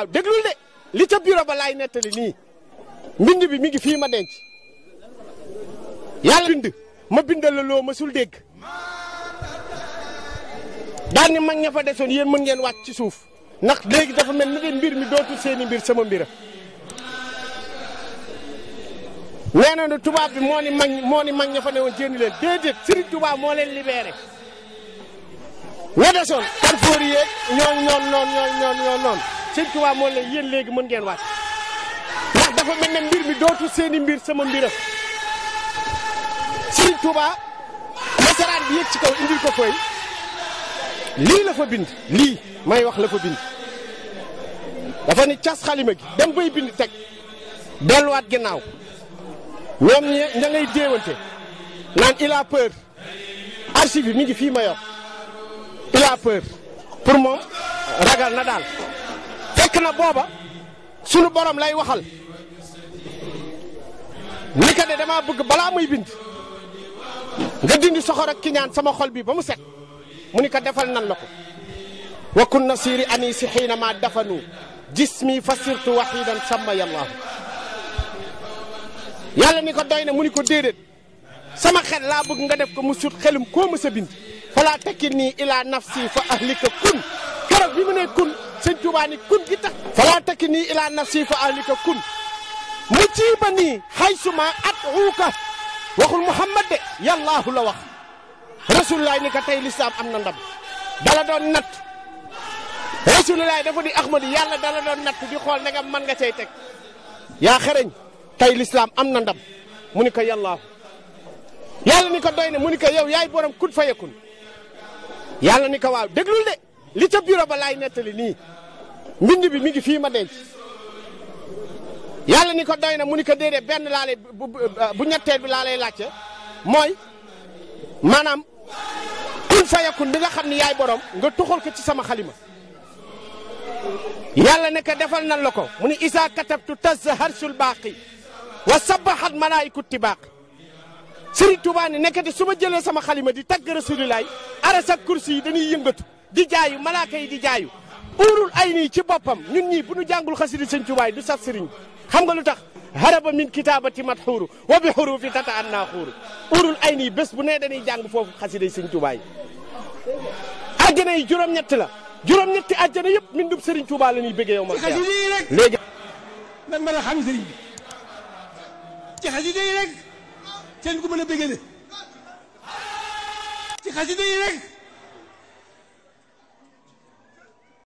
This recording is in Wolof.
waaw déglul de li ca bureau ba laay nettali nii mbind bi mi ngi fii ma denc yàlla bind ma bindal la loo mësul dégg daan ni mag ña fa desoon yéen mën ngeen wàcc ci suuf ndax léegi dafa mel ni leen mbir mi dootul seeni mbir sama mbira nee na ne tubaab bi moo ni mag ni mag ña fa newoon jénni leen déedéet Serigne Touba moo leen libéré ña desoon kan fóori yeeg ñoon ñoon ñoon ñoon sëñ Tuubaa moo la yéen léegi mën ngeen wàcc ndax dafa mel ne mbir mi dootu seeni mbir sama mbira sëñ Tuubaa nasaraan bi yëg ci kaw indil ko koy lii la fa bind lii may wax la fa bind dafa ni cas xalima gi dem bind teg delluwaat ginnaaw ñoom ña ña ngay déewante naan il a peur mi ngi fii ma yor il a moom ragal na daal fekk بابا booba sunu borom lay waxal ni ko de dama bëgg balaa muy bind nga dindi soxor ak kiñaan sama xol bi ba set mu defal nan la wa kun nasiri anisi xiina ma dafanu jismi fasirtu waxidan sama yallaahu yàlla ni ko doy na mu ni ko déedéet sama xel laa bëgg nga def ko mu sut xelum koo mës a bind falaa tekki ila nafsi fa ahlika kun keroog bi mu ne kun sëñ Tuubaa kun gi tax falaa takki nii ilaa nafsi fa ahlika kun mu ciiba nii haysuma at uka waxul Muhammad de yàllaahu la wax rasulilaay ni ko tey lislaam am na ndam dala doon natt rasulilaay dafa di Ahmadu yàlla dala doon natt di xool ndegam mën nga cay teg yaa xereñ tey lislaam am na ndam mu ni ko yàllaahu yàlla ni ko doy ne mu ni ko yow yaay borom kun fayakun yàlla ni ko waaw déglul de li ca bureau ba laay nettali nii mbind bi mi ngi fii ma denc yàlla ni ko doy na mu ni ko déedee benn laa bu bu ñetteel bi laa lay laajte mooy maanaam kun fa yakun bi nga xam ni yaay borom nga tuxal ko ci sama xalima yàlla ne ko defal nan la ko mu ni isa katabtu tas harsul baaqi wa sabaxat malaayiku tibaaq Sëriñ Tuubaa ni nekkati su ma jëlee sama xalima di tagg rasulilaay ara sa kursi yi dañuy yëngatu di jaayu malaaka yi di jaayu uurul ay ni ci boppam ñun ñii bu ñu jàngul xasidi sëñ Tuubaa du sax sëriñ xam nga lu tax haraba min kitaabati mat xuuru wa bi xuuru fi tata an naa xuuru uurul ay ni bés bu nee dañuy jàng foofu xasida sëñ Tuubaa yi àjjana yi juróom-ñett la juróom-ñetti àjjana yëpp min dub sëriñ Tuubaa la ñuy bëggee yow ma léegi man mën a xam sëriñ yi rek seen mën a bëggee de yi rek